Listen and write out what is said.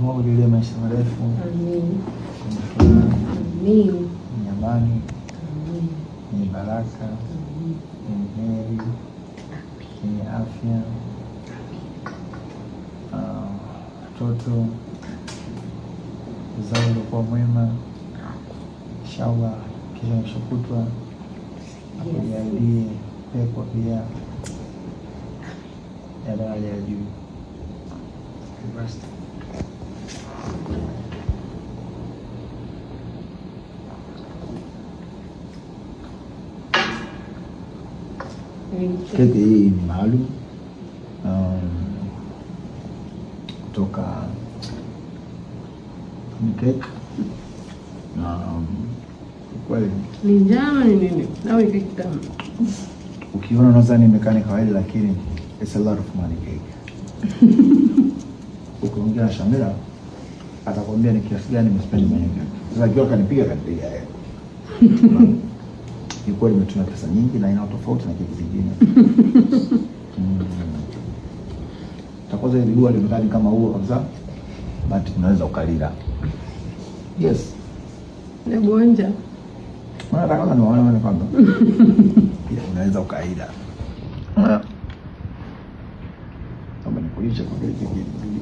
Mungu akujalie maisha marefu yenye furaha, yenye amani, yenye baraka, yenye heri, yenye afya, watoto ah, zao uliokuwa mwema, inshallah kisha nashukutwa akujalie pepo pia ya daraja ya juu. kete hii ni maalum um, kutoka cake um, na kweli ni njano ni nini? Na keki tamu. Ukiona nadhani imekana kawaida, lakini it's a lot of money cake. Ukiongea na Shamira atakwambia ni kiasi gani nimespend kwenye keki. Sasa akiwa kanipiga kanipiga yeye. ni kweli pesa nyingi na ina tofauti na keki zingine. Mm. Takoza ile huwa ni kama huo kabisa. But unaweza ukalila. Yes. Nagonja. Mwana takoza ni wana wana kwanza. Yeah, unaweza ukalila. Kama nikulisha kwa keki zingine.